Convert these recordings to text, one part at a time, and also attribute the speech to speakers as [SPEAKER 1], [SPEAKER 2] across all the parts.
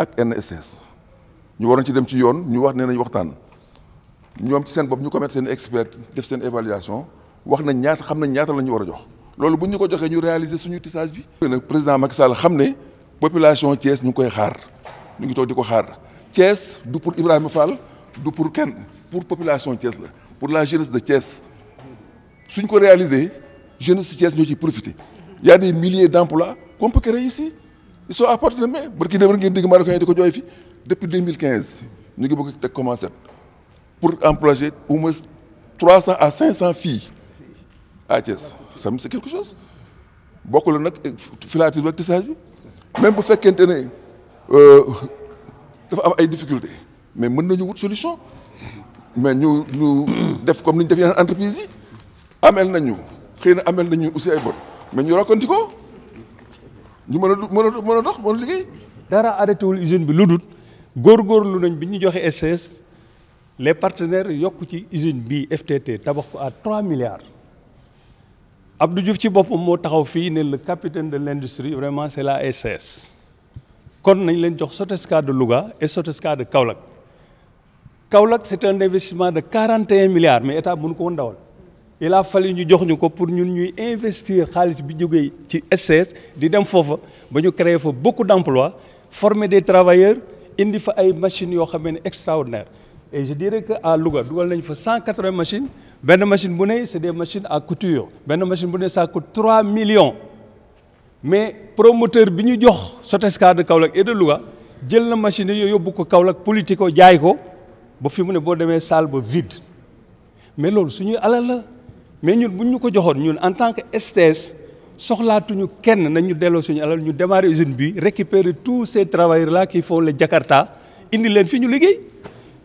[SPEAKER 1] ak NSS ñu waroon ci dem ci yoon ñu wax nee nañ waxtaan ñoom ci seen bopp ñu ko mettre seen expert def seen évaluation wax nañ ñaata xam nañ ñaata lañu wara jox lolu bu ko joxee ñu réaliser suñu tissage bi. nag président Macky Sall xamné population Thiès ñu koy xaar ñu ngi toog diko xaar Thiès du pour Ibrahima Fall du pour ken pour population Thiès la pour la jeunesse de Thiès suñ ko réaliser jeunesse Thiès ñoo ci profiter y a des milliers d'emplois qu'on peut créer ici ils sont à portée de main marocain depuis 2015 nous avons commencé pour employer au moins 300 à 500 filles à Thiès ça c'est quelque chose bokkul nag filature ak tissage bi même bu faire ne euh, dafa am des difficultés mais nous nañu wut solution mais Nous ñu comme nous ñu def entreprise Nous amel nañu Nous amel nañu aussi ay bor mais ñu raconti ko. ñu mën a a mën a dox
[SPEAKER 2] mën a liggéey. dara arrêté wul usine bi lu dul lu nañ bi ñu joxee SCS les partenaires yokk ci usine bi FTT tabax ko à 3 milliards. du Diouf ci boppam moo taxaw fii ne la capitaine de l' industrie vraiment c' est la SCS kon nañ leen jox Sotesca de luga et Sotesca de Kaolack Kaolack c' est un investissement de 41 milliards mais état mun ko woon dawal. il a fallu ñu jox ñu pour ñun ñuy investir dans bi jógee ci di dem créer beaucoup d'emplois former des travailleurs indi fa des machines extraordinaires. extraordinaire et je dirais que à Louga dugal nañ fa 180 machines benn machine bu c'est des machines à couture benn machine bu ça coûte 3 millions mais promoteur bi ñu jox Sotesca de Kaolack et de Louga jël na machine yooyu yóbbu ko Kaolack politique ko jaay ko ba fi mu ne boo demee salle vide mais loolu la mais ñun bu ñu ko joxoon ñun en tant que STS soxlaatuñu kenn nañu delloo suñu alal ñu démarrer usine bi récupérer tous ces travailleurs là qui font le Jakarta indi leen fi ñu liggéey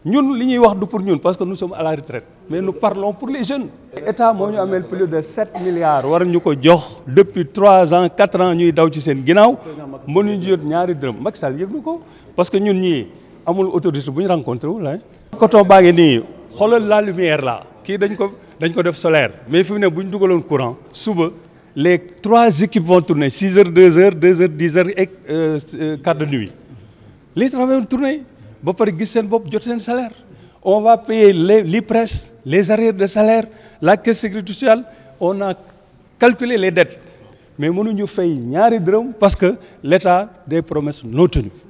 [SPEAKER 2] ñun li ñuy wax du pour ñun parce que nous sommes à la retraite mais nous parlons pour les jeunes. état moo ñu plus de 7 milliards war ñu ko jox depuis 3 ans 4 ans ñuy daw ci seen ginnaaw mënuñu jot ñaari dërëm Macky Sall yëg ko parce que ñun ñii amul autorité bu ñu rencontré Quand hein. coton baa ngi nii xoolal la lumière là kii dañ ko dañ ko def solaire mais fi mu ne courant suba les trois équipes vont tourner 6 heures 2 heures 2 heures 10 heures et euh, euh, quart de nuit les travailleurs vont tourner ba pare gis seen bopp jot on va payer les l'IPRES les arrières de salaire la caisse sécurité sociale on a calculé les dettes mais mënuñu fay ñaari dërëm parce que l'État des promesses non tenues